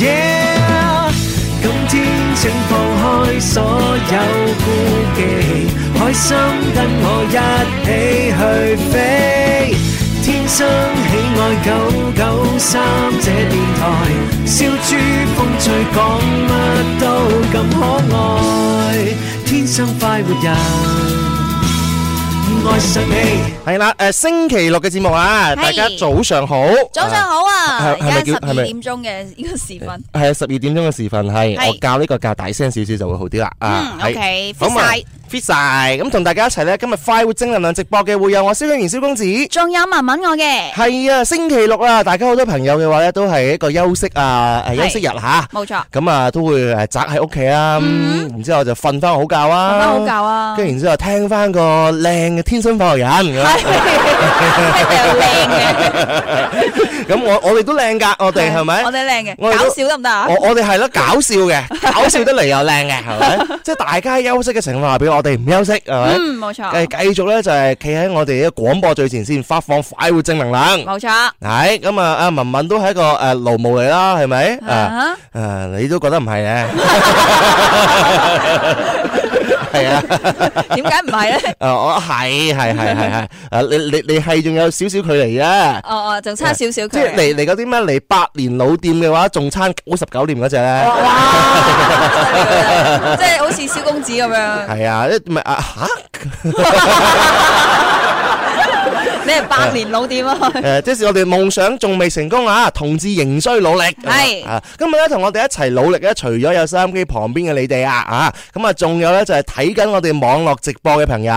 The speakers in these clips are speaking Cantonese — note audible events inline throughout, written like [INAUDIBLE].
耶！Yeah, 今天請放開所有顧忌，開心跟我一起去飛。天生喜愛九九三這電台，笑豬風吹，講乜都咁可愛，天生快活人。係啦，誒，星期六嘅節目啊，大家早上好，早上好啊，而家係咪十二點鐘嘅呢個時分？係啊，十二點鐘嘅時分係，我教呢個教大聲少少就會好啲啦啊，嗯，OK，好晒。fit 晒咁，同大家一齊咧，今日快活正能量直播嘅，會有我肖敬軒肖公子，仲有文文我嘅，係啊，星期六啦，大家好多朋友嘅話咧都係一個休息啊，休息日吓，冇錯。咁啊都會誒宅喺屋企啊，然之後就瞓翻好覺啊，瞓翻好覺啊，跟住然之後聽翻個靚嘅天生化學人咁啊，又靚嘅。咁我我哋都靚噶，我哋係咪？我哋靚嘅，搞笑得唔得啊？我我哋係咯，搞笑嘅，搞笑得嚟又靚嘅，係咪？即係大家休息嘅情況下俾，我哋唔休息，係咪？嗯，冇錯。繼繼續咧就係企喺我哋嘅廣播最前線，發放快活正能量。冇錯。係咁啊！阿文文都係一個誒勞務嚟啦，係咪？啊啊！你都覺得唔係嘅。係 [LAUGHS] 啊，是是是是是是是是點解唔係咧？誒，我係係係係係，誒，你你你係仲有少少距離啊？哦哦，仲差少少距離。即係嚟嗰啲咩？嚟，百年老店嘅話，仲差九十九年嗰隻咧？哇！即係好似肖公子咁樣。係啊，一咪啊。 [LAUGHS] [LAUGHS] 你係百年老店啊， [LAUGHS] 啊！即是我哋夢想仲未成功啊，同志仍需努力。係是啊，今日咧同我哋一齊努力咧，啊，除咗有收音機旁邊嘅你哋啊，啊，咁啊，仲有咧就係睇緊我哋網絡直播嘅朋友。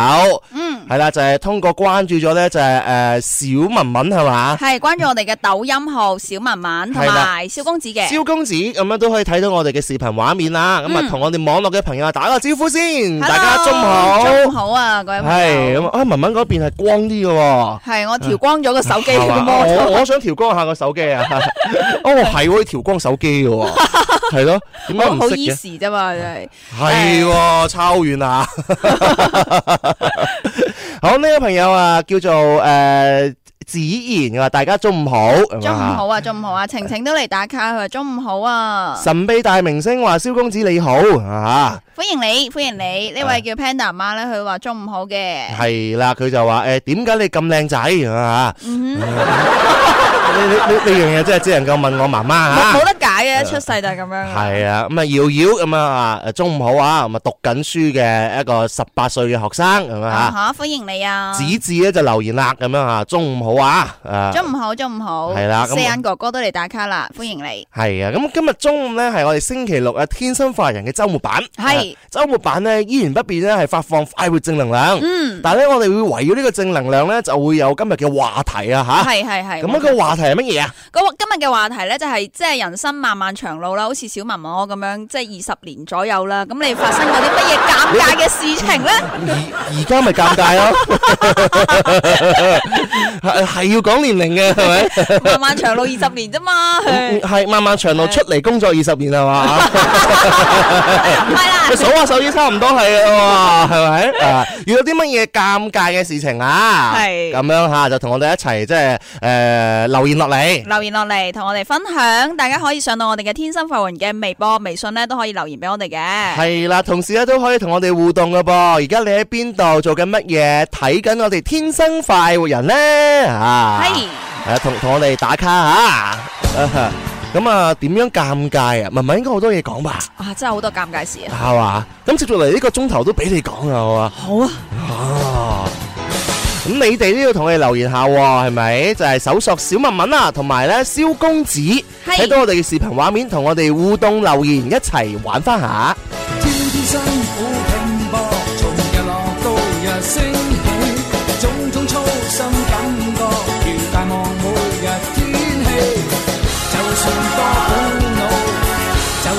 嗯係啦，就係通過關注咗咧，就係誒小文文係嘛？係關注我哋嘅抖音號小文文同埋肖公子嘅。肖公子咁樣都可以睇到我哋嘅視頻畫面啦。咁啊，同我哋網絡嘅朋友打個招呼先。大家中午好。中午好啊，各位朋友。係咁啊，文文嗰邊係光啲嘅。係我調光咗個手機。我我想調光下個手機啊。哦，係喎，可以調光手機嘅。係咯，點解唔好意思啫嘛？真係係超遠啊！好呢、呢位朋友啊，叫做誒。呃子然話大家中午好，中午好啊，中午好啊，晴晴都嚟打卡，佢話中午好啊。神秘大明星話肖公子你好，吓、啊，歡迎你，歡迎你。呢位叫 Panda 媽咧，佢話中午好嘅，係啦，佢就話誒，點解你咁靚仔啊？吓，呢呢呢樣嘢真係只能夠問我媽媽吓，冇、啊、得解嘅，出世就係咁樣。係啊，咁啊瑤瑤咁啊，中午好啊，咁啊讀緊書嘅一個十八歲嘅學生咁啊吓，歡迎你啊。子智咧就留言啦咁樣啊，中午好。哇！啊，中午好，中午好，係啦，四眼哥哥都嚟打卡啦，歡迎你。係啊，咁今日中午咧係我哋星期六啊，天生快人嘅周末版，係周末版咧依然不變咧係發放快活正能量。嗯，但係咧我哋會圍繞呢個正能量咧就會有今日嘅話題啊吓。係係係。咁個話題係乜嘢啊？咁今日嘅話題咧就係即係人生漫漫長路啦，好似小文問我咁樣，即係二十年左右啦。咁你發生過啲乜嘢尷尬嘅事情咧？而而家咪尷尬咯。 [LAUGHS] [LAUGHS] 係要講年齡嘅，係咪？漫漫 [LAUGHS] 長路二十年啫嘛，係漫漫長路是出嚟工作二十年，係嘛？唔係。數下手指差唔多係喎，係咪？ [LAUGHS] 啊，遇到啲乜嘢尷尬嘅事情啊？係咁是 樣下、啊、就同我哋一齊即係誒留言落嚟，留言落嚟，同我哋分享。大家可以上到我哋嘅天生快活人嘅微博、微信咧，都可以留言俾我哋嘅。係啦，同時咧都可以同我哋互動㗎噃。而家你喺邊度做緊乜嘢？睇緊我哋天生快活人咧嚇，係誒同同我哋打卡嚇。啊 [LAUGHS] 咁啊，點樣尷尬啊？文文應該好多嘢講吧？啊，真係好多尷尬事啊！係嘛？咁接住嚟呢個鐘頭都俾你講啊！好，好啊！好啊！咁你哋都要同我哋留言下，係咪？就係、是、搜索小文文啊，同埋咧肖公子，睇到我哋嘅視頻畫面，同我哋互動留言，一齊玩翻下。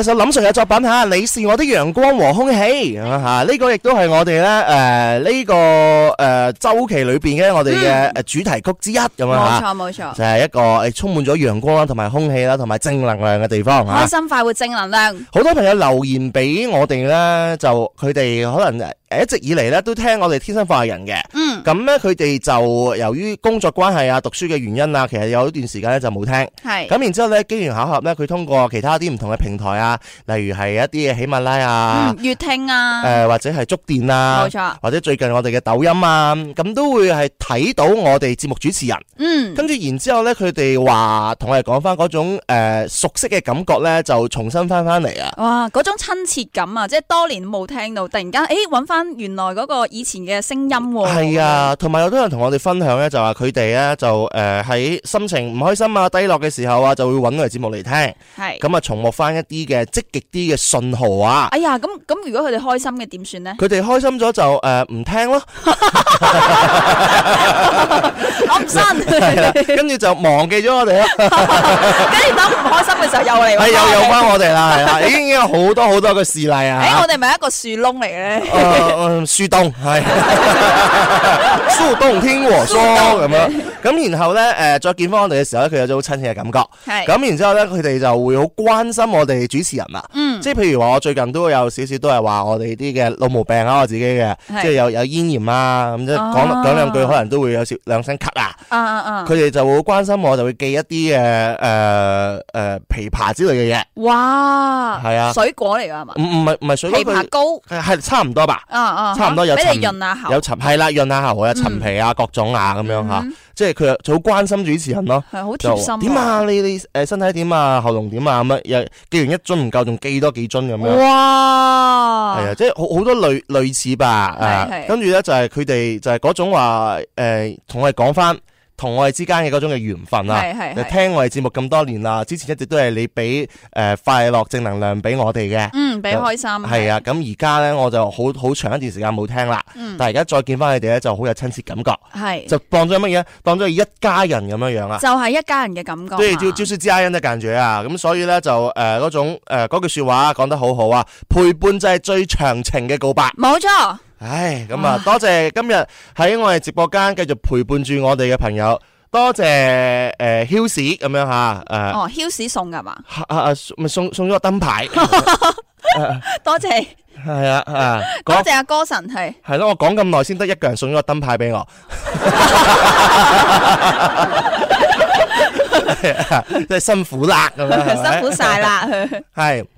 其實林尚嘅作品吓，你是我的陽光和空氣咁吓，呢個亦都係我哋咧誒呢個誒周期裏邊嘅我哋嘅誒主題曲之一咁樣，冇錯冇錯，就係一個誒充滿咗陽光啦，同埋空氣啦，同埋正能量嘅地方，開心快活正能量。好多朋友留言俾我哋咧，就佢哋可能誒一直以嚟咧都聽我哋天生快人嘅。嗯咁咧，佢哋、嗯、就由於工作關係啊、讀書嘅原因啊，其實有一段時間咧就冇聽。係是。咁然之後咧，機緣巧合咧，佢通過其他啲唔同嘅平台啊，例如係一啲嘅喜馬拉雅、粵、嗯、聽啊，呃、或者係觸電啊，冇錯、啊。或者最近我哋嘅抖音啊，咁都會係睇到我哋節目主持人。嗯。然後然後跟住然之後咧，佢哋話同我哋講翻嗰種熟悉嘅感覺咧，就重新翻翻嚟啊！哇，嗰種親切感啊，即係多年冇聽到，突然間誒揾翻原來嗰個以前嘅聲音喎。係啊。啊，同埋有啲人同我哋分享咧，就話佢哋咧就誒喺心情唔開心啊、低落嘅時候啊，就會揾我哋節目嚟聽，係咁啊，重獲翻一啲嘅積極啲嘅信號啊。哎呀，咁咁如果佢哋開心嘅點算咧？佢哋開心咗就誒唔聽咯，我唔信，跟住就忘記咗我哋。跟住等唔開心嘅時候又嚟，係又用翻我哋啦，係啊，已經有好多好多嘅事例啊。誒，我哋咪一個樹窿嚟嘅，樹洞係。蘇冬天和蘇咁樣，咁然後咧，誒，再見翻我哋嘅時候咧，佢有種好親切嘅感覺。係，咁然之後咧，佢哋就會好關心我哋主持人啊。嗯，即係譬如話我最近都有少少都係話我哋啲嘅老毛病啊，我自己嘅，即係有有咽炎啊，咁即係講講兩句可能都會有少兩聲咳啊。啊啊啊。佢哋就會關心我，就會寄一啲嘅誒誒枇杷之類嘅嘢。哇，係啊，水果嚟噶係嘛？唔係，係唔係水果。枇杷膏係差唔多吧？啊啊，差唔多有俾你潤下喉有陳係啦，潤下喉頭啊，陳皮啊，嗯、各種啊咁樣吓，嗯、即係佢就好關心主持人咯、啊，係好貼心、啊。點啊，你你誒身體點啊，喉嚨點啊，乜又寄完一樽唔夠，仲寄多幾樽咁樣。哇！係啊，即係好好多類類似吧。係跟住咧就係佢哋就係嗰種話誒，同我哋講翻。同我哋之間嘅嗰種嘅緣分啦、啊，就係係聽我哋節目咁多年啦，之前一直都係你俾誒、呃、快樂正能量俾我哋嘅，嗯，俾開心，係、呃、啊，咁而家咧我就好好長一段時間冇聽啦，嗯，但係而家再見翻你哋咧就好有親切感覺，係，係係就當咗乜嘢？當咗一家人咁樣樣啊，就係一家人嘅感覺，對，招招說家人都間住啊，咁所以咧就誒嗰、呃、種誒嗰、呃、句話說話講得好好啊，陪伴就係最長情嘅告白，冇錯。唉，咁啊，多謝今日喺我哋直播間繼續陪伴住我哋嘅朋友，多謝誒 Hills 咁樣吓，誒，哦，Hills 送噶嘛？啊、哦、啊，咪、啊啊、送送咗個燈牌， [LAUGHS] 啊、多謝，係啊，啊多謝阿、啊、歌神係，係咯、啊，我講咁耐先得一個人送咗個燈牌俾我，即係 [LAUGHS] [LAUGHS] [LAUGHS] 辛苦啦咁、啊、 [LAUGHS] 辛苦晒完啦，係。 [LAUGHS]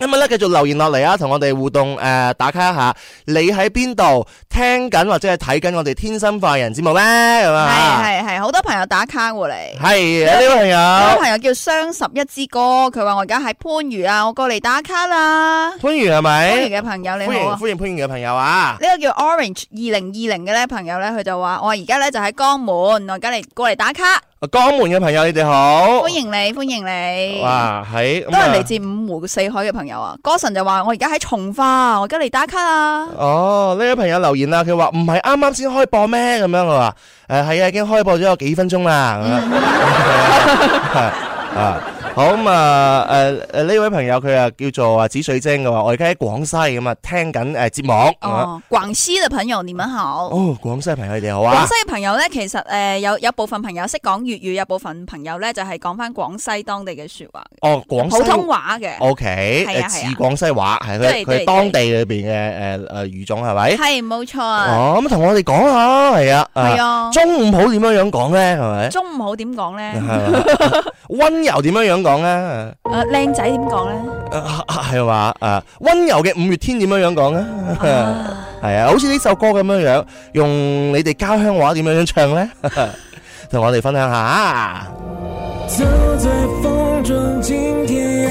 今日咧繼續留言落嚟啊，同我哋互動誒、呃，打卡一下，你喺邊度聽緊或者係睇緊我哋《天生快人節目》節目咧？咁啊，係係，好多朋友打卡過嚟，係呢位朋友，呢位、這個、朋友叫雙十一之歌，佢話我而家喺番禺啊，我過嚟打卡啦。番禺係咪？番禺嘅朋友你好，歡迎番禺嘅朋友啊！呢個叫 Orange 二零二零嘅咧朋友咧，佢就話我而家咧就喺江門，我而家嚟過嚟打卡。江門嘅朋友你哋好歡你，歡迎你歡迎你，哇喺，都係嚟自五湖四海嘅朋友啊。歌神就話我而家喺從化，我而家嚟打卡啊。哦，呢、這、位、個、朋友留言啦、啊，佢話唔係啱啱先開播咩？咁樣我話誒係啊，已經開播咗有幾分鐘啦。好咁啊！誒誒，呢位朋友佢啊叫做啊紫水晶嘅話，我而家喺廣西咁啊，聽緊誒節目。哦，廣西嘅朋友，你們好。哦，廣西朋友你哋好啊！廣西嘅朋友咧，其實誒有有部分朋友識講粵語，有部分朋友咧就係講翻廣西當地嘅說話。哦，廣西普通話嘅。O K，係似是廣西話，係佢佢當地裏邊嘅誒誒語種係咪？係冇錯啊！咁同我哋講下，係啊，係啊，中午好點樣樣講咧？係咪？中午好點講咧？溫柔點樣樣？點講咧？啊，靚仔點講咧？係嘛？啊，温柔嘅五月天點樣樣講咧？係啊，好似呢首歌咁樣樣，用你哋家鄉話點樣樣唱咧？同 [LAUGHS] 我哋分享一下。走在風中今天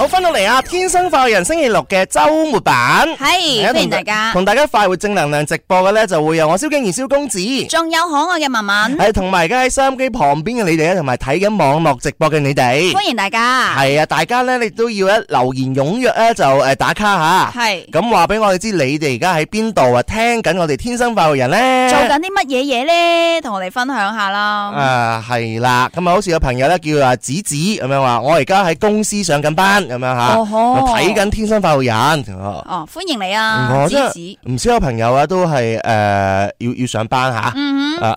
好，翻到嚟啊！天生發育人星期六嘅周末版，係是歡迎大家同大家快活正能量直播嘅咧，就會有我蕭敬然蕭公子，仲有可愛嘅文文，係同埋而家喺收音機旁邊嘅你哋同埋睇緊網絡直播嘅你哋，歡迎大家。係啊，大家咧你都要一留言踴躍咧就誒打卡吓，係咁話俾我哋知你哋而家喺邊度啊？聽緊我哋天生發育人咧，做緊啲乜嘢嘢咧？同我哋分享下啦。誒係啦，咁啊好似有朋友咧叫啊子子咁樣話，我而家喺公司上緊班。咁樣吓，睇緊《天生發育人》哦，歡迎你啊，芝子，唔少朋友啊，都係誒要要上班吓，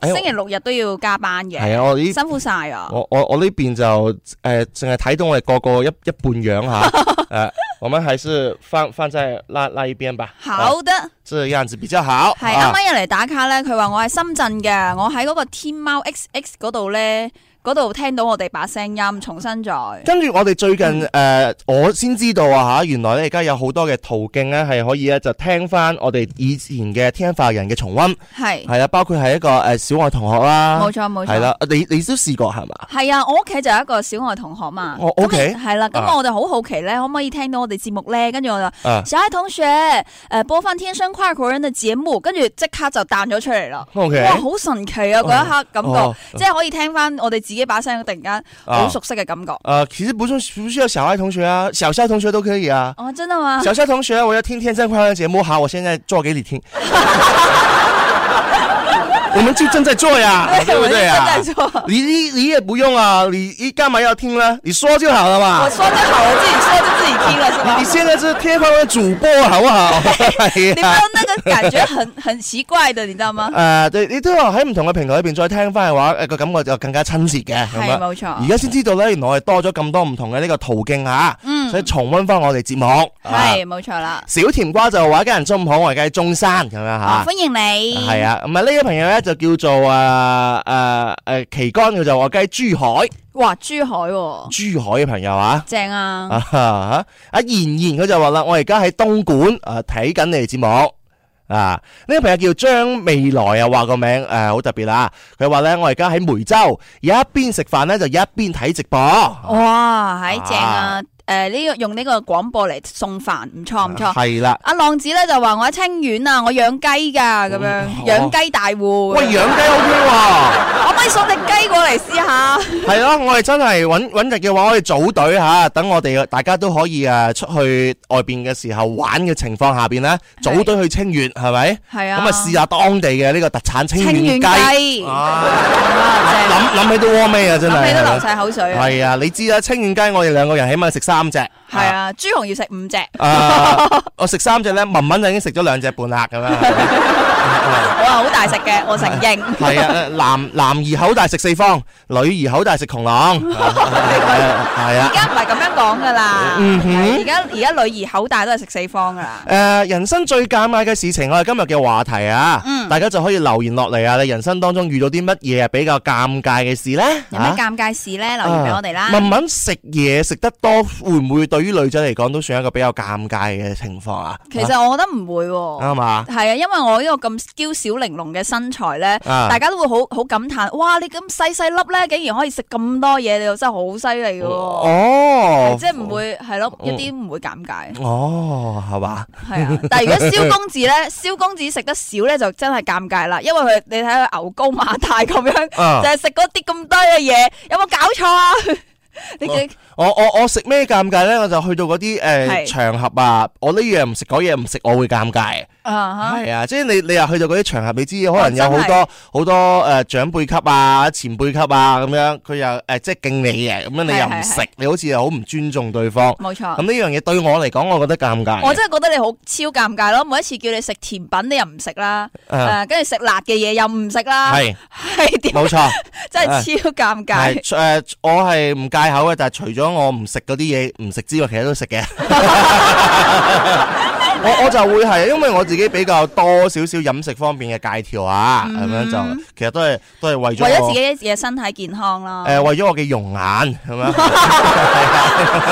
星期六日都要加班嘅，係啊，我呢辛苦晒啊，我我我呢邊就誒淨係睇到我哋個個一一半樣吓，誒，我們還是放放在那那一邊吧，好的，這樣子比較好。係啱啱入嚟打卡咧，佢話我喺深圳嘅，我喺嗰個天貓 XX 嗰度咧。嗰度聽到我哋把聲音重新再跟住我哋最近誒、呃，我先知道啊嚇，原來咧而家有好多嘅途徑咧，係可以咧就聽翻我哋以前嘅《天生化人》嘅重温，係係啦，包括係一個誒小愛同學啦，冇錯冇錯，係啦，你你都試過係嘛？係啊，我屋企就有一個小愛同學嘛、哦，OK，係啦，咁我哋好好奇咧，可唔可以聽到我哋節目咧？跟住我就、嗯、小愛同學誒、呃、播翻《天生化人》嘅節目，跟住即刻就彈咗出嚟啦，OK，哇！好神奇啊，嗰一刻感覺、哦哦、即係可以聽翻我哋自己把聲，突然間好熟悉嘅感覺。啊、呃，其實唔需要唔需要小愛同學啊，小肖同學都可以啊。哦、啊，真啊嘛？小肖同學，我要聽《天生快樂》節目，好，我現在做給你聽。 [LAUGHS] [LAUGHS] 我們就正在做呀，對不對呀吧？在做你你你也不用啊，你你幹嘛要聽呢？你說就好了嘛。我說就好了， [LAUGHS] 我自己說就自己聽了，是吧？你現在是天方的主播，好不好？你都那個感覺很很奇怪的，你知道嗎？啊 [LAUGHS] 呃，對，你都要喺唔同嘅平台裏邊再聽翻嘅話，誒，個感覺就更加親切嘅，係冇錯。而家先知道咧，原來係多咗咁多唔同嘅呢個途徑啊。嗯佢重溫翻我哋節目，係冇錯啦。啊、錯小甜瓜就話一家人中午好，我而家喺中山咁樣吓。歡迎你，係啊。唔係呢個朋友咧就叫做誒誒誒，岐江佢就話，我而家喺珠海。哇！珠海、哦，珠海嘅朋友正啊，正啊！啊阿妍妍，佢就話啦，我而家喺東莞誒睇緊你哋節目啊。呢、啊這個朋友叫張未來啊，話個名誒好特別啦、啊。佢話咧，我而家喺梅州，一邊食飯咧就一邊睇直播。哇，喺、哎啊、正啊！誒，呢、呃、個用呢個廣播嚟送飯唔錯唔錯，係啦。是的阿浪子咧就話我喺清遠啊，我養雞噶咁樣，養雞、哦、大戶。哦、樣喂，養雞 O K 喎， [LAUGHS] 我可以送隻雞過嚟試下。係咯， [LAUGHS] 我哋真係搵搵日嘅話，我哋組隊吓，等我哋大家都可以誒出去外邊嘅時候玩嘅情況下邊呢，組隊去清遠係咪？係啊。咁啊試下當地嘅呢個特產清遠雞。哇，咁啊正。諗諗、 [LAUGHS] 啊、起都和味啊，真係。諗起都流晒口水。係啊，你知啊，清遠雞我哋兩個人起碼食三隻。係啊，豬紅要食五隻，我食三隻咧，文文就已經食咗兩隻半啦，咁樣，我話好大食嘅，我承認。係啊，男男兒口大食四方，女兒口大食窮郎。係啊，而家唔係咁樣講噶啦，而家而家女兒口大都係食四方噶啦。誒，人生最尷尬嘅事情，我哋今日嘅話題啊，大家就可以留言落嚟啊！你人生當中遇到啲乜嘢比較尷尬嘅事咧？有咩尷尬事咧？留言俾我哋啦。文文食嘢食得多，會唔會對？於女仔嚟講，都算一個比較尷尬嘅情況啊。其實我覺得唔會、啊，啱嘛吧？係啊，因為我呢個咁嬌小玲瓏嘅身材咧，嗯、大家都會好好感嘆，哇！你咁細細粒咧，竟然可以食咁多嘢，你又真係好犀利嘅。哦，即係唔會係咯，一啲唔會尷尬。哦，係嘛？係啊。但係如果肖公子咧，肖 [LAUGHS] 公子食得少咧，就真係尷尬啦。因為佢，你睇佢牛高馬大咁樣，嗯、就係食嗰啲咁多嘅嘢，有冇搞錯？你、哦 [LAUGHS] 我我我食咩尷尬咧？我就去到嗰啲誒場合啊，我呢樣唔食，嗰樣唔食，我會尷尬啊！係啊，即係你你又去到嗰啲場合，你知可能有好多好多誒長輩級啊、前輩級啊咁樣，佢又誒即係敬你嘅，咁樣你又唔食，你好似又好唔尊重對方。冇錯。咁呢樣嘢對我嚟講，我覺得尷尬。我真係覺得你好超尷尬咯！每一次叫你食甜品，你又唔食啦，誒，跟住食辣嘅嘢又唔食啦，係係點？冇錯，真係超尷尬。誒，我係唔戒口嘅，但係除咗。如果我唔食嗰啲嘢，唔食之外，其他都食嘅。我 [LAUGHS] 我，我就會係，因為我自己比較多少少飲食方面嘅戒條啊，咁、嗯、樣就其實都係都係為咗自己嘅身體健康咯。誒、呃，為咗我嘅容顏咁樣。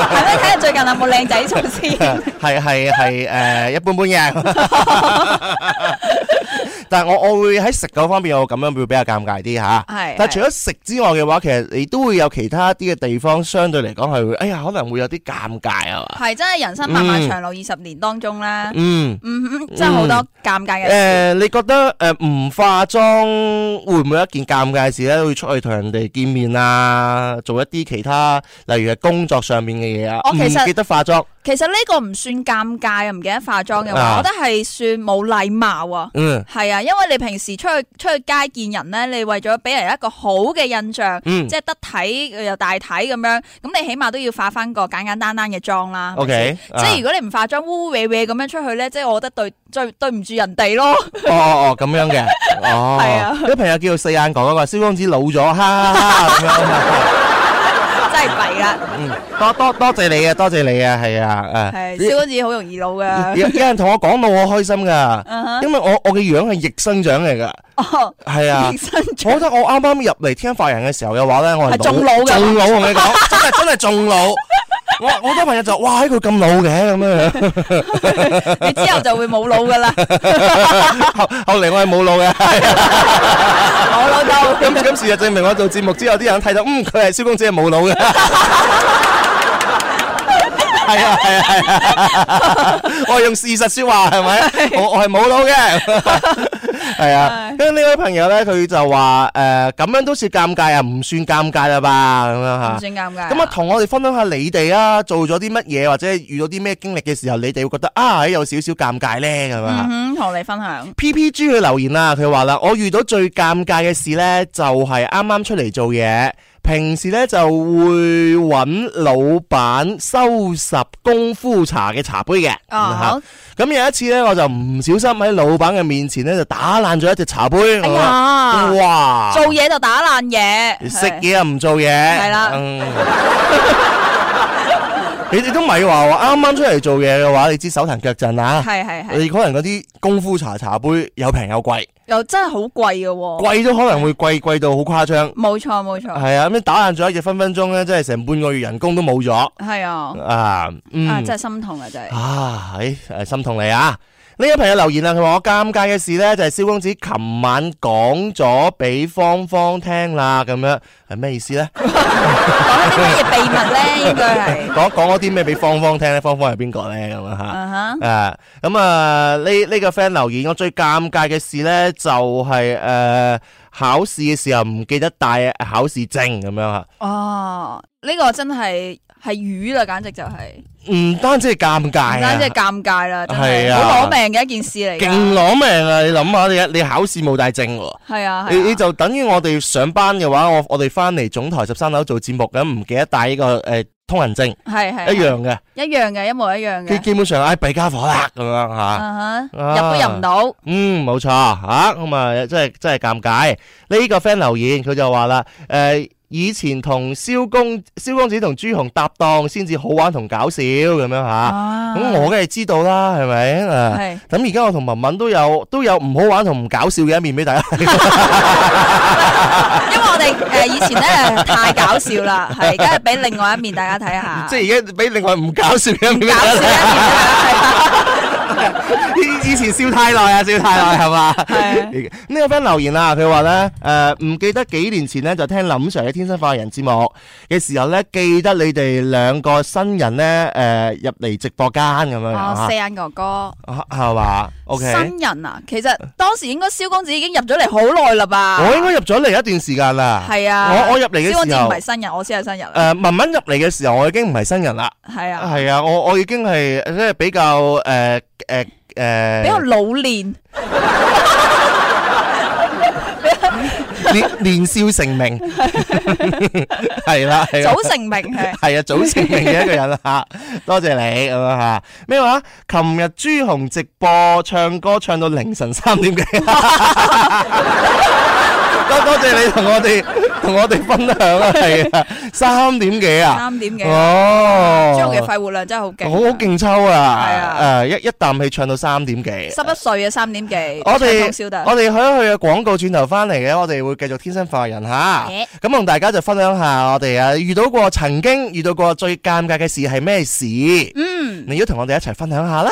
係咪睇下最近有冇靚仔出現？係係係誒，一般般嘅。 [LAUGHS] 但係我我會喺食嗰方面我咁樣會比較尷尬啲吓，是但係除咗食之外嘅話，其實你都會有其他啲嘅地方相對嚟講係，哎呀，可能會有啲尷尬啊，係係真係人生漫漫長路二十年當中咧、嗯嗯，嗯 [LAUGHS] 嗯，真係好多尷尬嘅。誒，你覺得誒唔、呃、化妝會唔會一件尷尬嘅事咧？會出去同人哋見面啊，做一啲其他，例如係工作上面嘅嘢啊，我其實、嗯、記得化妝。其實呢個唔算尷尬，又唔記得化妝嘅話，啊、我覺得係算冇禮貌啊。嗯，係啊，因為你平時出去出去街見人咧，你為咗俾人一個好嘅印象，嗯，即係得睇，又大睇咁樣，咁你起碼都要化翻個簡簡單單嘅妝啦。O Okay , K，啊、即係如果你唔化妝烏烏歪歪咁樣出去咧，即係我覺得對最對對唔住人哋咯。哦哦哦，咁樣嘅，哦，係啊，啲朋友叫佢四眼講啊、那個，話蕭公子老咗，哈哈 [LAUGHS] [LAUGHS] 係弊，嗯，多多多謝你啊，多謝你，多謝你啊，係啊是，誒、嗯，係肖公子好容易老噶，有人同我講到我開心噶，uh huh. 因為我我嘅樣係逆生長嚟噶，哦，係啊，逆生長我覺得我啱啱入嚟聽法人嘅時候嘅話咧，我係仲老，老，仲 [LAUGHS] 老，同你講，真係真係仲老。我好多朋友就哇，佢咁老嘅咁樣，你之後就會冇腦噶啦。後後嚟我係冇腦嘅，我老豆。今今事實證明我做節目之後，啲人睇到，嗯，佢係肖公子係冇腦嘅，係啊係啊係啊，我係用事實說話係咪？我我係冇腦嘅。係啊，跟住呢位朋友呢，佢就話誒咁樣都算尷尬啊，唔算尷尬啦吧咁樣嚇，唔算尷尬。咁啊，同我哋分享下你哋啊，做咗啲乜嘢或者遇到啲咩經歷嘅時候，你哋會覺得啊，有少少尷尬呢？係嘛、嗯？同你分享。P P G 嘅留言啊，佢話啦，我遇到最尷尬嘅事呢，就係啱啱出嚟做嘢，平時咧就會揾老闆收拾功夫茶嘅茶杯嘅，咁咁、uh huh. 嗯、有一次咧我就唔小心喺老闆嘅面前咧就打爛咗一隻茶杯，哎、呀我哇，做嘢就打爛嘢，食嘢又唔做嘢，係啦的。嗯 [LAUGHS] 你哋都唔係話話啱啱出嚟做嘢嘅話，你知手騰腳震啊！係係係，你可能嗰啲功夫茶茶杯有平有貴，又,又貴真係好貴嘅喎。貴都可能會貴貴到好誇張。冇錯冇錯。係啊，咁打爛咗一隻分分鐘咧，真係成半個月人工都冇咗。係啊，啊，嗯、啊真係心痛啊真係。啊，誒、哎、誒，心痛你啊！呢位呢個朋友留言啦，佢話我尷尬嘅事咧就係肖公子琴晚講咗俾芳芳聽啦，咁樣係咩意思咧？講啲咩秘密咧？應該係講講咗啲咩俾芳芳聽咧？芳芳係邊個咧？咁樣吓，誒，咁啊呢呢個 friend 留言，我最尷尬嘅事咧就係、是、誒、呃、考試嘅時候唔記得帶考試證咁樣吓。哦，呢、這個真係。係魚啦，簡直就係唔單止係尷尬，唔單止係尷尬啦，真係好攞命嘅一件事嚟嘅，勁攞命啊！你諗下，你你考試冇帶證，係啊，你你就等於我哋上班嘅話，我我哋翻嚟總台十三樓做節目咁，唔記得帶呢個誒通行證，係係一樣嘅，一樣嘅，一模一樣嘅，基基本上誒弊家伙啦咁樣吓，入都入唔到，嗯，冇錯吓，咁啊，真係真係尷尬。呢個 friend 留言佢就話啦，誒。以前同肖公肖公子同朱紅搭檔先至好玩同搞笑咁樣吓，咁、啊、我梗係知道啦，係咪？咁而家我同文文都有都有唔好玩同唔搞笑嘅一面俾大家， [LAUGHS] [LAUGHS] 因為我哋誒以前咧太搞笑啦，係而家俾另外一面大家睇下，即係而家俾另外唔搞笑嘅一面。 [LAUGHS] 以以前笑太耐啊，笑太耐係嘛？係。呢個 friend 留言啦，佢話咧誒，唔記得幾年前咧就聽林 sir 嘅天生髮藝人節目嘅時候咧，記得你哋兩個新人咧誒入嚟直播間咁樣樣啊，四眼哥哥啊係嘛？O K。新人啊，其實當時應該肖公子已經入咗嚟好耐啦吧？我應該入咗嚟一段時間啦。係啊。我我入嚟嘅時候唔係新人，我先係新人。誒，文文入嚟嘅時候我已經唔係新人啦。係啊。係啊，我我已經係即係比較誒。誒誒，比較、欸呃、老練 [LAUGHS] 年少成名，係 [LAUGHS] 啦、啊，啊、早成名係，啊，早成名嘅一個人 [LAUGHS] 啊，多謝你咁啊吓，咩話？琴日朱紅直播唱歌，唱到凌晨三點幾，多多謝你同我哋。同 [LAUGHS] 我哋分享啦，係啊，三點幾啊，三點幾哦，張嘅肺活量真係好勁，好好勁抽啊，係對啊，啊，誒，一一啖氣唱到三點幾，十一歲啊，三點幾，我哋們我哋去一去嘅廣告轉頭翻嚟嘅，我哋會繼續天生化人吓，咁同、欸啊、大家就分享下我哋啊遇到過，曾經遇到過最尷尬嘅事係咩事？嗯，你要同我哋一齊分享下啦。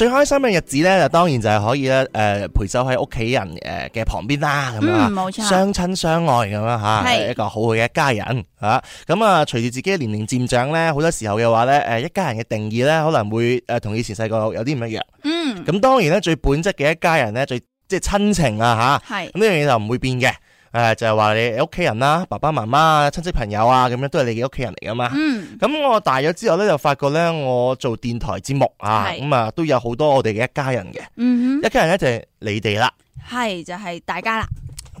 最開心嘅日子呢，就當然就係可以咧，陪、呃、守喺屋企人誒嘅旁邊啦，咁啊、嗯，相親相愛咁啊嚇，係一個好好嘅一家人嚇咁係。啊，隨住自己嘅年齡漸長呢，好多時候嘅話呢，一家人嘅定義呢可能會同以前細個有啲唔一樣。嗯。咁當然呢最本質嘅一家人呢，最即係親情啊嚇。係。咁呢樣嘢就唔會變嘅。誒、呃，就係、是、話你屋企人啦，爸爸媽媽、親戚朋友啊，咁樣都係你嘅屋企人嚟噶嘛。嗯，咁我大咗之後咧，就發覺咧，我做電台節目啊，咁啊是、嗯，都有好多我哋嘅一家人嘅。嗯哼一家人咧就係你哋啦。係就係、是、大家啦、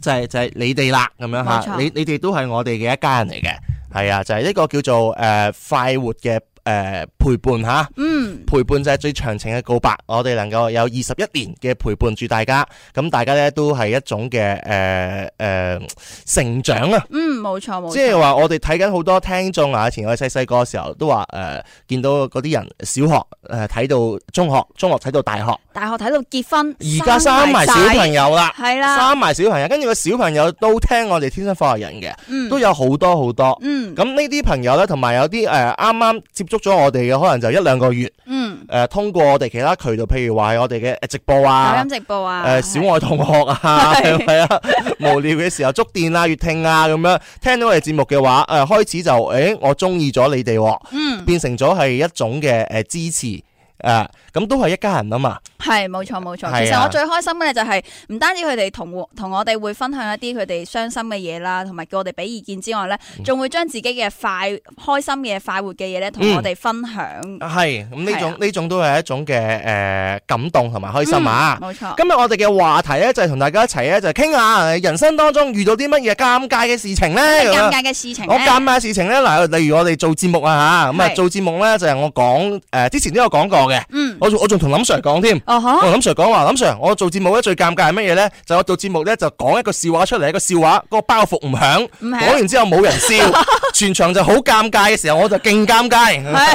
就是。就係就係你哋啦，咁樣吓錯，你你哋都係我哋嘅一家人嚟嘅。係啊，就係、是、呢個叫做誒、呃、快活嘅。誒、呃，陪伴吓，嗯，陪伴就係最長情嘅告白。我哋能夠有二十一年嘅陪伴住大家，咁大家咧都係一種嘅誒誒成長啊。嗯，冇錯冇錯。即係話我哋睇緊好多聽眾啊，以前我哋細細個嘅時候都話誒、呃，見到嗰啲人小學誒睇、呃、到中學，中學睇到大學。大學睇到結婚，而家生埋小朋友啦，係啦，是的生埋小朋友，跟住個小朋友都聽我哋天生科學人嘅，嗯、都有好多好多，咁呢啲朋友呢，同埋有啲誒啱啱接觸咗我哋嘅，可能就一兩個月，誒、嗯呃、通過我哋其他渠道，譬如話我哋嘅直播啊，抖音直播啊，誒、呃、小愛同學啊，係啊，無聊嘅時候，觸電啊，月聽啊，咁樣聽到我哋節目嘅話，誒、呃、開始就誒、欸、我中意咗你哋、啊，嗯、變成咗係一種嘅誒支持，誒、呃。咁都係一家人啊嘛，係，冇錯冇錯。其實我最開心嘅就係唔單止佢哋同同我哋會分享一啲佢哋傷心嘅嘢啦，同埋叫我哋俾意見之外咧，仲會將自己嘅快開心嘅快活嘅嘢咧，同我哋分享。係，咁呢種呢、啊、種都係一種嘅誒、呃、感動同埋開心啊！冇錯、嗯。今日我哋嘅話題咧就係同大家一齊咧就係傾下人生當中遇到啲乜嘢尷尬嘅事情咧。尷尬嘅事情呢，我尷尬嘅事情咧嗱，例如我哋做節目啊吓，咁啊是做節目咧就係我講誒，之前都有講過嘅。嗯。我我仲同林 Sir 講添，我同林 Sir 講話，林 Sir，我做節目咧最尷尬係乜嘢咧？就我做節目咧就講一個笑話出嚟，一個笑話嗰個包袱唔響，講完之後冇人笑，全場就好尷尬嘅時候，我就勁尷尬。係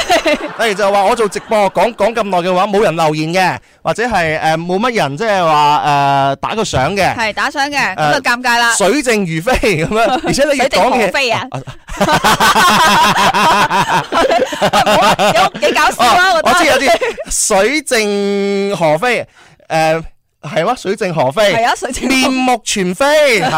例如就話我做直播講講咁耐嘅話，冇人留言嘅，或者係誒冇乜人即係話誒打個賞嘅，係打賞嘅咁就尷尬啦。水靜如飛咁樣，而且你要講嘢，飛啊！有幾搞笑啊！我知有啲。水淨河飛，誒係哇，水淨河飛，面目全非，係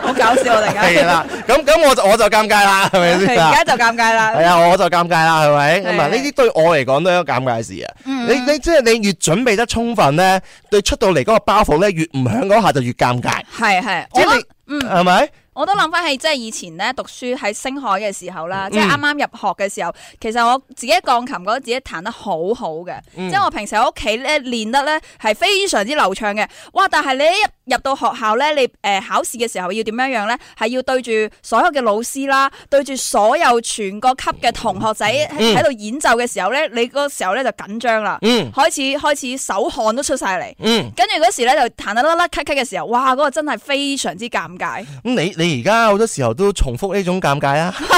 好搞笑，我哋而家係啦，咁咁我就我就尷尬啦，係咪先？而家就尷尬啦，係啊，我就尷尬啦，係咪？咁啊，呢啲對我嚟講都係一個尷尬事啊。你你即係你越準備得充分咧，對出到嚟嗰個包袱咧越唔響嗰下就越尷尬。係係，即係你，嗯係咪？我都諗翻起，即係以前咧讀書喺星海嘅時候啦，嗯、即係啱啱入學嘅時候，其實我自己鋼琴覺得自己彈得好好嘅，嗯、即係我平時喺屋企咧練得咧係非常之流暢嘅，哇！但係你一入到學校咧，你誒考試嘅時候要點樣樣咧？係要對住所有嘅老師啦，對住所有全個級嘅同學仔喺度演奏嘅時候咧，嗯、你嗰時候咧就緊張啦，嗯、開始開始手汗都出晒嚟，跟住嗰時咧就彈得甩甩咳咳嘅時候，哇！嗰、嗰個真係非常之尷尬。咁你你而家好多時候都重複呢種尷尬啊？不過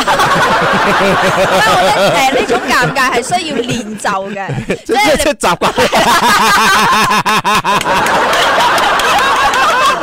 咧，誒呢種尷尬係需要練就嘅， [LAUGHS] 即係你習慣。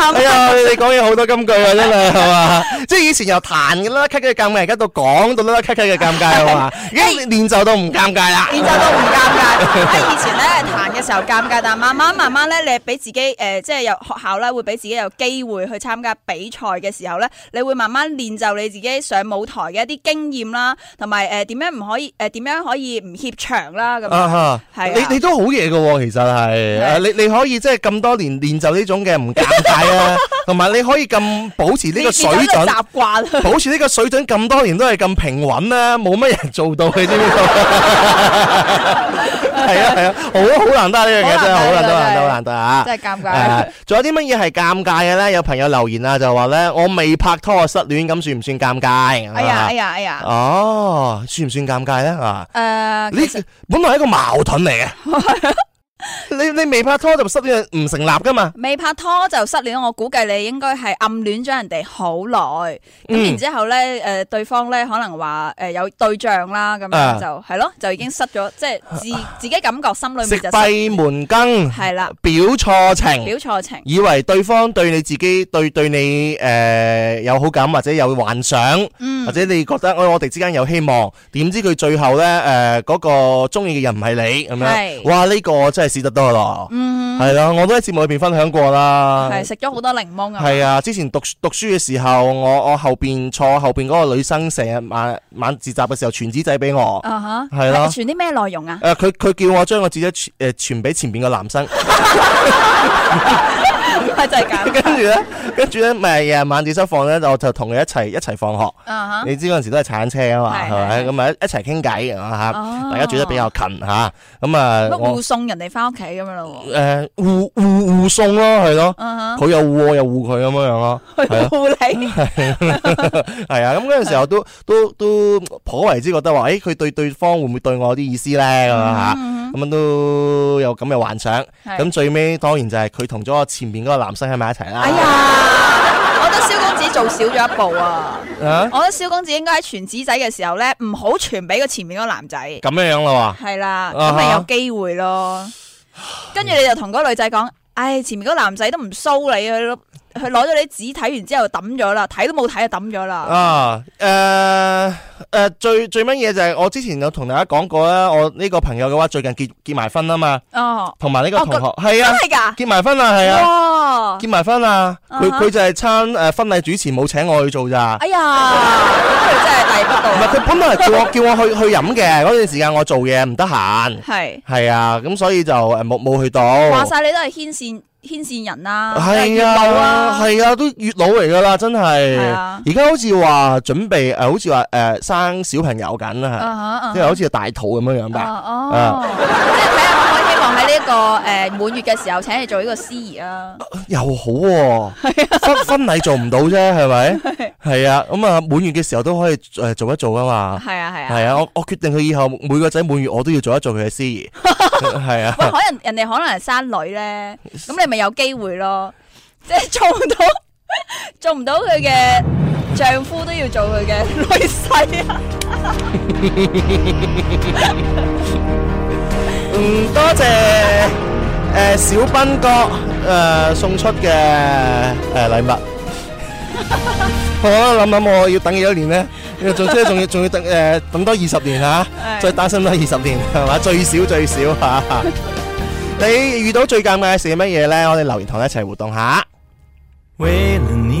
[LAUGHS] 哎呀，你講嘢好多金句啊，真係係嘛，即係以前又彈嘅啦，咳嘅尷尬，而家到講到啦，咳嘅尷尬係嘛，已經練就到唔尷尬啦，練就到唔尷尬。即係以前咧彈嘅時候尷尬，但係慢慢慢慢咧，你俾自己誒、呃，即係有學校咧會俾自己有機會去參加比賽嘅時候咧，你會慢慢練就你自己上舞台嘅一啲經驗啦，同埋誒點樣唔可以誒點、呃、樣可以唔怯場啦，咁係你你都好嘢噶，其實係，的你你可以即係咁多年練就呢種嘅唔尷尬。 [LAUGHS] 誒，同埋你可以咁保持呢個水準，習慣保持呢個水準咁多年都係咁平穩啦，冇乜人做到你知唔知道？係啊係啊，好好難得呢樣嘢真係好難得，好難得啊！真係尷尬。仲有啲乜嘢係尷尬嘅咧？有朋友留言啊，就話咧我未拍拖失戀咁，算唔算尷尬？哎呀哎呀哎呀！哦，算唔算尷尬咧啊？誒，呢本來係一個矛盾嚟嘅。你你未拍拖就失戀唔成立噶嘛？未拍拖就失戀，我估計你應該係暗戀咗人哋好耐，咁、嗯、然之後咧，誒、呃，對方咧可能話誒、呃、有對象啦，咁樣就係、啊、咯，就已經失咗，即係、啊、自己自己感覺心裏面就食閉門羹係啦，表錯情，表錯情，以為對方對你自己對對你誒、呃、有好感或者有幻想，嗯、或者你覺得、哎、我哋之間有希望，點知佢最後咧誒、呃嗰個中意嘅人唔係你咁樣，是哇呢、呢個真係～食得多咯，係啦、嗯，我都喺節目裏邊分享過啦。係食咗好多檸檬啊！係啊，之前讀讀書嘅時候，我我後邊坐後邊嗰個女生成日晚晚自習嘅時候傳紙仔俾我。啊哈，係咯的。傳啲咩內容啊？誒、呃，佢佢叫我將個紙仔誒傳俾前邊個男生。 [LAUGHS] [LAUGHS] [LAUGHS] 就係咁，跟住咧，跟住咧，咪晚自修放咧，就就同佢一齊一齊放學。Uh huh. 你知嗰陣時都係踩單車噶嘛，係咪的？咁咪一齊傾偈啊吓，uh huh. 大家住得比較近吓，咁啊，我、啊、護送人哋翻屋企咁樣咯。誒，護護護送咯、啊，係咯、啊。佢、uh huh. 又護我，又護佢咁樣樣咯。去護係啊，咁嗰陣時候我 [LAUGHS] 都都都頗為之覺得話，誒、欸，佢對對方會唔會對我有啲意思咧咁啊吓？Uh huh. 咁樣都有咁嘅幻想，咁最尾當然就係佢同咗我前面嗰個男生喺埋一齊啦。哎呀，我覺得蕭公子做少咗一步啊！我覺得蕭公子應該喺傳紙仔嘅時候咧，唔好傳俾個前面嗰個男仔。咁樣啦喎，係啦，咁咪有機會咯。跟住你就同嗰個女仔講，唉，前面嗰個男仔都唔騷你咯。佢攞咗你紙睇完之後抌咗啦，睇都冇睇就抌咗啦。啊，誒、呃、誒、呃，最最乜嘢就係我之前有同大家講過啦，我呢個朋友嘅話最近結結埋婚啊嘛。哦、啊，同埋呢個同學係啊，真係噶結埋婚啦，係啊，麼結埋婚啦。佢佢就係餐誒婚禮主持，冇請我去做咋。哎呀，佢 [LAUGHS] 真係嚟不到了。唔係佢本來叫我叫我去去飲嘅嗰段時間，我做嘢唔得閒。係係是啊，咁所以就誒冇冇去到。話晒你都係牽線牽線人啦，係啊，係啊，啊，啊，都越老嚟噶啦，真係。而家、啊、好似話準備誒、呃，好似話誒生小朋友緊啦，即係、uh huh, uh huh. 好似大肚咁樣樣吧。望喺呢個誒滿月嘅時候，請你做呢個司儀啊，又好，不過婚禮做唔到啫，係咪？係啊，咁啊，滿月嘅時候都可以誒做一做噶嘛。係啊，係啊，係啊，我我決定佢以後每個仔滿月，我都要做一做佢嘅司儀。係啊，可能人哋可能係生女咧，咁你咪有機會咯，即係做唔到，做唔到佢嘅丈夫都要做佢嘅女婿啊。嗯，多謝誒、呃、小斌哥誒、呃、送出嘅誒禮物。 [LAUGHS] 好，都諗諗，我要等幾多年呢？要仲即係仲要仲要等誒、呃、等多二十年吓，啊、唉再單身多二十年係嘛？最少最少吓。啊、 [LAUGHS] 你遇到最尷尬嘅事係乜嘢咧？我哋留言同一齊互動下。為了你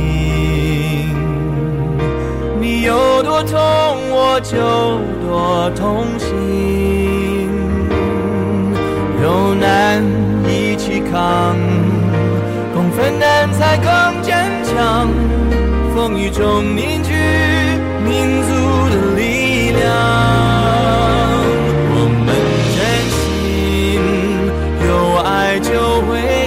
你有多痛，我就多痛心。有難一起扛，共分擔才更堅強。風雨中凝聚民族的力量。我們堅信，有愛就會。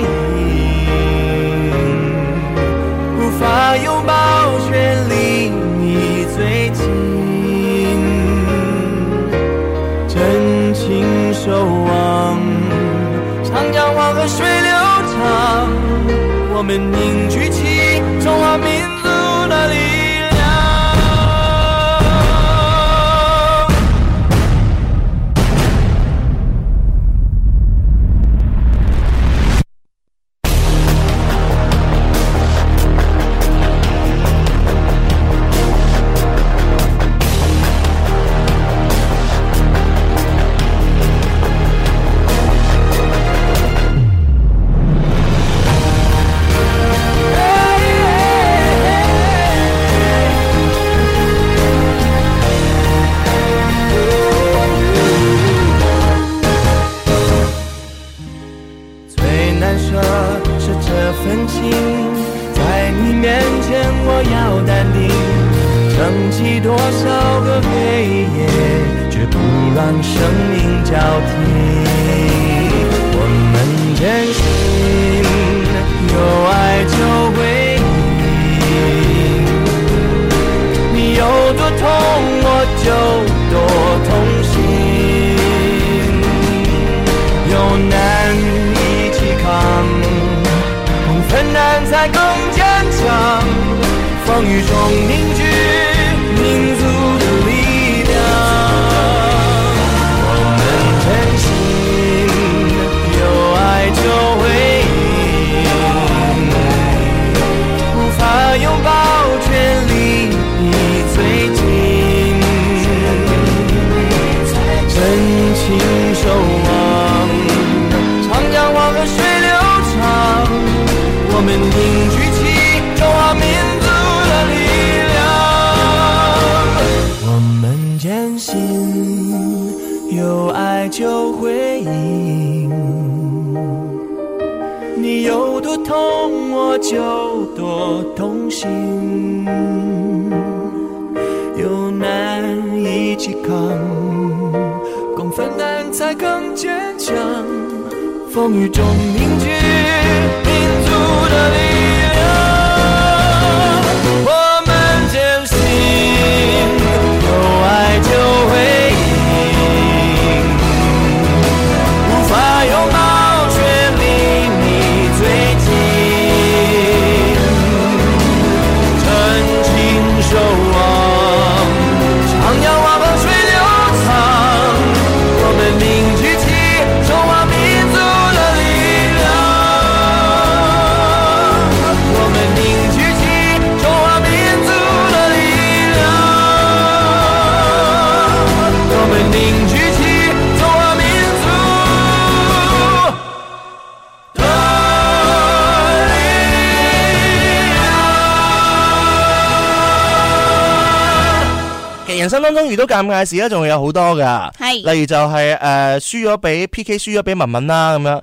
人生當中遇到尷尬嘅事咧，仲會有好多噶，是例如就係誒輸咗俾 P K，輸咗俾文文啦，咁樣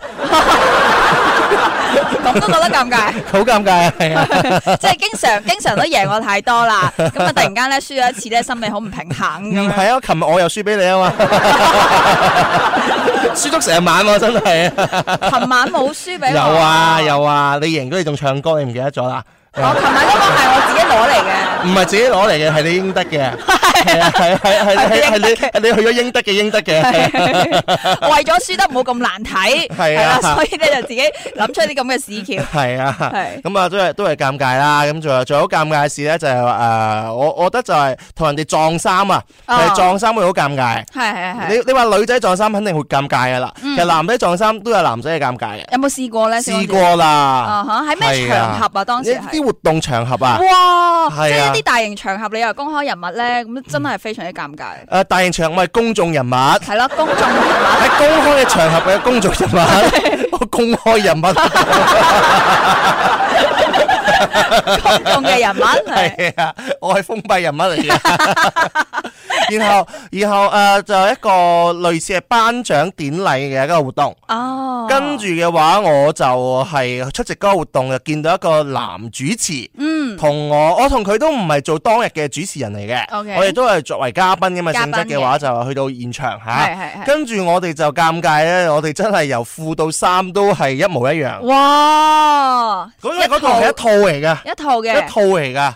咁都 [LAUGHS] 覺得尷尬，好尷 [LAUGHS] 尬啊。係啊，即係 [LAUGHS] 經常經常都贏我太多啦，咁啊突然間咧輸咗一次咧， [LAUGHS] 心理好唔平衡。係 [LAUGHS] 啊，琴日我又輸俾你啊嘛，輸足成晚喎，啊，真係。琴 [LAUGHS] 晚冇輸俾。有啊有啊，你贏咗你仲唱歌，你唔記得咗啦。我 [LAUGHS] 琴，哦，晚呢個係我自己攞嚟嘅。唔係自己攞嚟嘅，係你應得嘅。係啊係啊係係係你你去咗英德嘅英德嘅，為咗輸得唔好咁難睇，係啊，所以你就自己諗出啲咁嘅屎橋。係啊，係咁啊，都係都係尷尬啦。咁仲有仲好尷尬嘅事咧，就係話誒，我我覺得就係同人哋撞衫啊，撞衫會好尷尬。係係係，你你話女仔撞衫肯定會尷尬噶啦，其實男仔撞衫都有男仔嘅尷尬嘅。有冇試過咧？試過啦。啊哈，喺咩場合啊？當時啲活動場合啊？哇，即係一啲大型場合，你又公開人物咧咁。真係非常之尷尬。誒，大型場咪公眾人物。係咯，公眾人物喺公開嘅場合我係公眾人物，公開人物，公眾嘅人物。係啊，我係封閉人物嚟嘅。 [LAUGHS] 然後然後誒、呃、就一個類似係頒獎典禮嘅一個活動哦，跟住嘅話我就係出席嗰個活動，哦、就見到一個男主持，嗯，同我我同佢都唔係做當日嘅主持人嚟嘅，Okay 我哋都係作為嘉賓嘛性質嘅話就去到現場吓，係係跟住我哋就尷尬咧，我哋真係由褲到衫都係一模一樣，哇，嗰嗰套係一套嚟嘅，一套嘅，一套嚟噶。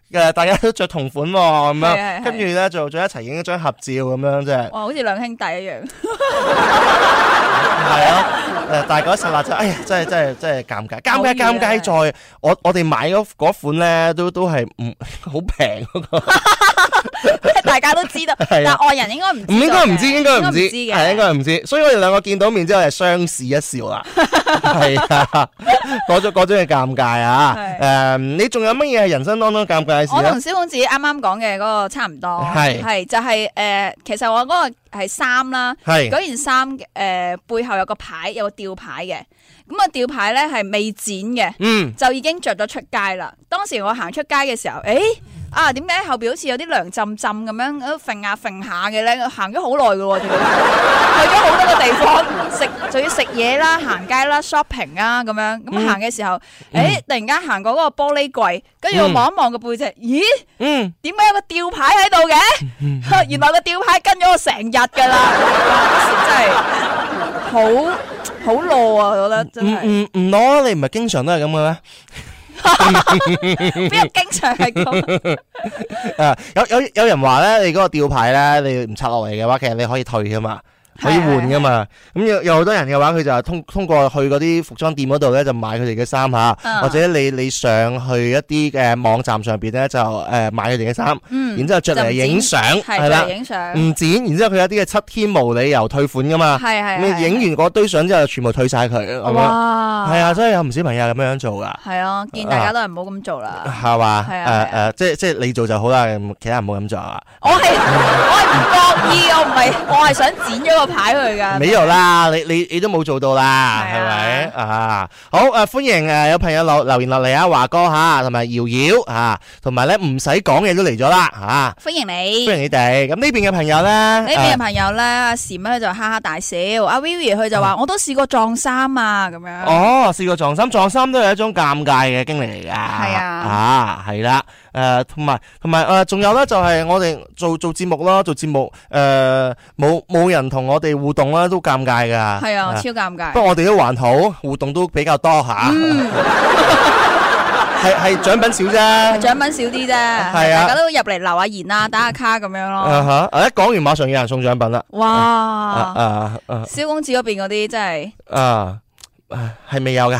大家都着同款喎，咁樣，跟住咧就做一齊影一張合照咁樣啫。哇，好似兩兄弟一樣。係咯，誒，大搞十八就，哎呀，真係真係真係尷尬，尷尬尷尬！再，我我哋買嗰款咧，都都係唔好平。即係大家都知道，但外人應該唔唔應該唔知，應該唔知，知係應該唔知。所以我哋兩個見到面之後係相視一笑啦。係啊，嗰種嗰種嘅尷尬啊。誒，你仲有乜嘢係人生當中尷尬？我同肖公子啱啱講嘅嗰個差唔多，係，就係，是，誒，呃，其實我嗰個係衫啦，嗰件衫誒背後有個牌，有個吊牌嘅，咁、嗰個吊牌咧係未剪嘅，嗯，就已經着咗出街啦。當時我行出街嘅時候，誒。啊，點解後邊好似有啲涼浸浸咁樣，揈下揈下嘅咧，行咗好耐嘅，去咗好多個地方食，仲要食嘢啦、行街啦、shopping 啊，咁樣咁行嘅時候，誒，突然間行過嗰個玻璃櫃，跟住我望一望個背脊，咦，點解有個吊牌喺度嘅？原來個吊牌跟咗我成日噶啦，真係好好攞啊，覺得真係。唔唔唔攞啊！你唔係經常都係咁嘅咩？邊 [LAUGHS] 有經常係咁、那個？誒， [LAUGHS] 有有有人話咧，你嗰個吊牌咧，你唔拆落嚟嘅話，其實你可以退噶嘛。可以換噶嘛？咁有有好多人嘅話，佢就通通過去嗰啲服裝店嗰度咧，就買佢哋嘅衫吓，或者你你上去一啲嘅網站上邊咧，就誒買佢哋嘅衫，嗯，然之後着嚟影相係啦，影相唔剪，然之後佢有啲嘅七天無理由退款噶嘛，係係係係係，你影完嗰堆相之後，全部退晒佢，哇，係啊，所以有唔少朋友咁樣做噶，係啊，見大家都係唔好咁做啦，係嘛，啊，誒誒，啊啊啊，即係即係你做就好啦，其他人唔好咁做啊，我係我係唔覺意， [LAUGHS] 我唔係，我係想剪咗。個牌去噶，未有啦，你你你都冇做到啦，係咪啊？好誒，歡迎誒，有朋友留留言落嚟啊，華哥吓，同埋瑤瑤吓，同埋咧唔使講嘢都嚟咗啦吓，歡迎你，歡迎你哋。咁呢邊嘅朋友咧，呢邊嘅朋友咧，阿嬋佢就哈哈大笑，阿 Vivi 佢就話我都試過撞衫啊，咁樣。哦，試過撞衫，撞衫都係一種尷尬嘅經歷嚟噶。係啊，吓係啦，誒同埋同埋誒仲有咧就係我哋做做節目咯，做節目誒冇冇人同。我哋互動啦，都尷尬噶。係啊，啊超尷尬。不過我哋都還好，互動都比較多嚇。嗯，係係 [LAUGHS] 獎品少啫，獎品少啲啫。係啊，大家都入嚟留下言啊，打下卡咁樣咯。啊哈！一講完，馬上有人送獎品啦。哇！啊，肖公子嗰邊嗰啲真係啊，係未有噶。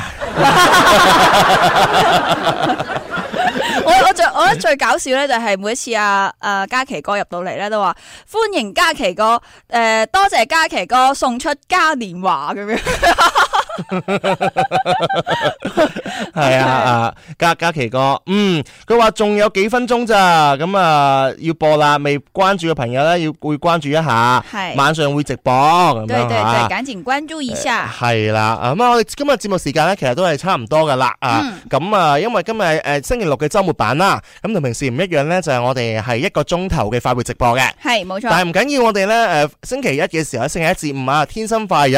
我 [LAUGHS] 我最我覺得最搞笑咧就係每一次啊誒嘉琪哥入到嚟咧都話，歡迎嘉琪哥誒、呃、多謝嘉琪哥送出嘉年華咁樣。 [LAUGHS] 係 [LAUGHS] 啊，家家琪哥，嗯，佢話仲有幾分鐘咋，咁、嗯、啊要播啦，未關注嘅朋友咧要會關注一下，係是晚上會直播，對就對，對，趕緊關注一下，係啦、嗯，咁啊、嗯、我哋今日節目時間咧，其實都係差唔多噶啦，啊、嗯，咁啊、嗯、因為今日誒星期六嘅周末版啦，咁同平時唔一樣咧，就係我哋係一個鐘頭嘅快活直播嘅，係冇錯，錯，但係唔緊要，緊要我呢，我哋咧誒星期一嘅時候，星期一至五啊，天生快日，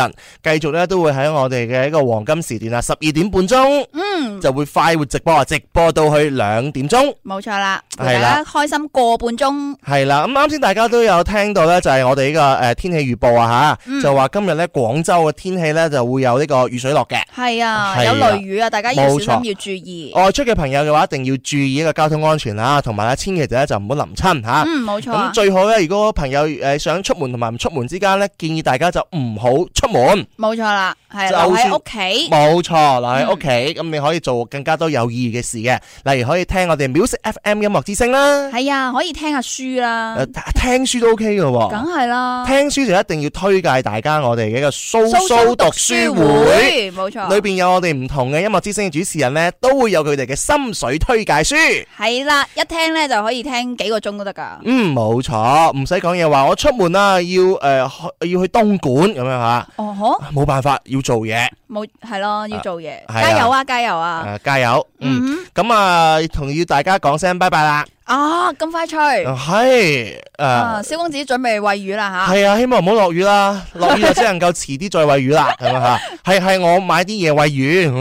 繼續咧都會喺我哋。嘅一個黃金時段啊，十二點半鐘，嗯，就會快活直播，直播到去兩點鐘，冇錯啦，係啦，開心過半鐘，係啦，咁啱先大家都有聽到咧，就係我哋呢個誒天氣預報啊吓，就話今日咧廣州嘅天氣咧就會有呢個雨水落嘅，係啊，有雷雨啊，大家要小心要注意，外出嘅朋友嘅話一定要注意呢個交通安全啊，同埋啊，千祈就唔好淋親吓，嗯，冇錯，咁最好咧，如果朋友誒想出門同埋唔出門之間咧，建議大家就唔好出門，冇錯啦，係啦。喺屋企，冇錯，喺屋企咁你可以做更加多有意義嘅事嘅，例如可以聽我哋 Music FM 音樂之聲啦，係啊，可以聽一下書啦，聽書都 OK 喎。梗係啦，聽書就一定要推介大家我哋嘅一個蘇蘇讀書會，冇錯錯，裏邊有我哋唔同嘅音樂之聲嘅主持人呢，都會有佢哋嘅心水推介書，係啦，啊，一聽呢就可以聽幾個鐘都得噶，嗯，冇錯，唔使講嘢話，我出門啦，要誒、呃、要去東莞咁樣吓，哦好哈冇辦法要做嘢。冇係咯，要做嘢，加油啊，加油啊！加油！嗯，咁啊，同要大家講聲拜拜啦。啊，咁快脆係誒，肖公子準備餵魚啦吓。係啊，希望唔好落雨啦，落雨就只能夠遲啲再餵魚啦係咪？吓。係係，我買啲嘢餵魚，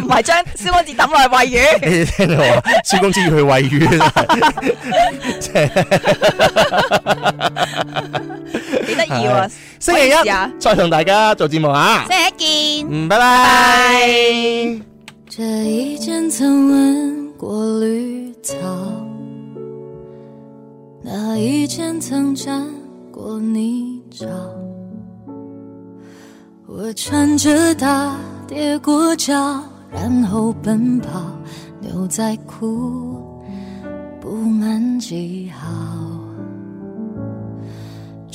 唔係將肖公子抌落去餵魚。聽到肖公子要去餵魚，幾得意啊！星期一，啊，再同大家做節目啊。再見，嗯，拜拜。Bye bye 這一件曾吻過綠草，那一件曾沾過泥沼。我穿着它跌過腳，然後奔跑，牛仔褲布滿記號。